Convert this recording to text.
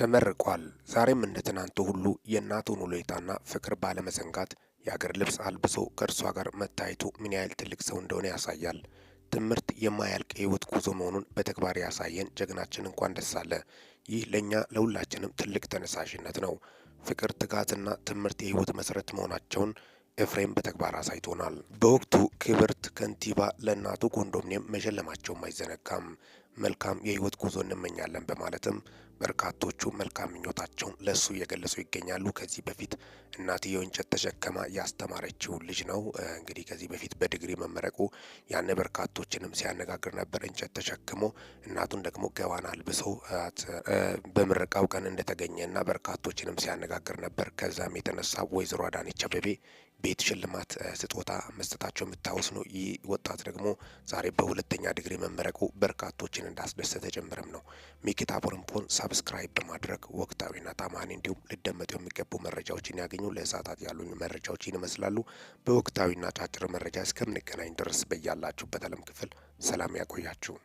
ተመርቋል። ዛሬም እንደ ትናንቱ ሁሉ የእናቱን ውለታና ፍቅር ባለመዘንጋት የአገር ልብስ አልብሶ ከእርሷ ጋር መታየቱ ምን ያህል ትልቅ ሰው እንደሆነ ያሳያል። ትምህርት የማያልቅ የህይወት ጉዞ መሆኑን በተግባር ያሳየን ጀግናችን እንኳን ደስ አለ። ይህ ለእኛ ለሁላችንም ትልቅ ተነሳሽነት ነው። ፍቅር፣ ትጋትና ትምህርት የህይወት መሰረት መሆናቸውን ኤፍሬም በተግባር አሳይቶናል። በወቅቱ ክብርት ከንቲባ ለእናቱ ኮንዶሚኒየም መሸለማቸውም አይዘነጋም። መልካም የህይወት ጉዞ እንመኛለን በማለትም በርካቶቹ መልካም ምኞታቸውን ለሱ እየገለጹ ይገኛሉ። ከዚህ በፊት እናትየው እንጨት ተሸከማ ያስተማረችው ልጅ ነው። እንግዲህ ከዚህ በፊት በዲግሪ መመረቁ ያነ በርካቶችንም ሲያነጋግር ነበር። እንጨት ተሸክሞ እናቱን ደግሞ ገዋን አልብሶ በምረቃው ቀን እንደተገኘ በርካቶችንም ሲያነጋግር ነበር። ከዛም የተነሳ ወይዘሮ አዳነች አቤቤ ቤት ሽልማት ስጦታ መስጠታቸው የሚታወስ ነው። ይህ ወጣት ደግሞ ዛሬ በሁለተኛ ዲግሪ መመረቁ በርካቶችን እንዳስደሰተ ጭምርም ነው። ሚኪታ ፖርንፖን ሳብስክራይብ በማድረግ ወቅታዊና ታማኒ እንዲሁም ሊደመጡ የሚገቡ መረጃዎችን ያገኙ። ለእሳታት ያሉኝ መረጃዎችን ይመስላሉ። በወቅታዊና ጫጭር መረጃ እስከምንገናኝ ድረስ በያላችሁበት አለም ክፍል ሰላም ያቆያችሁ።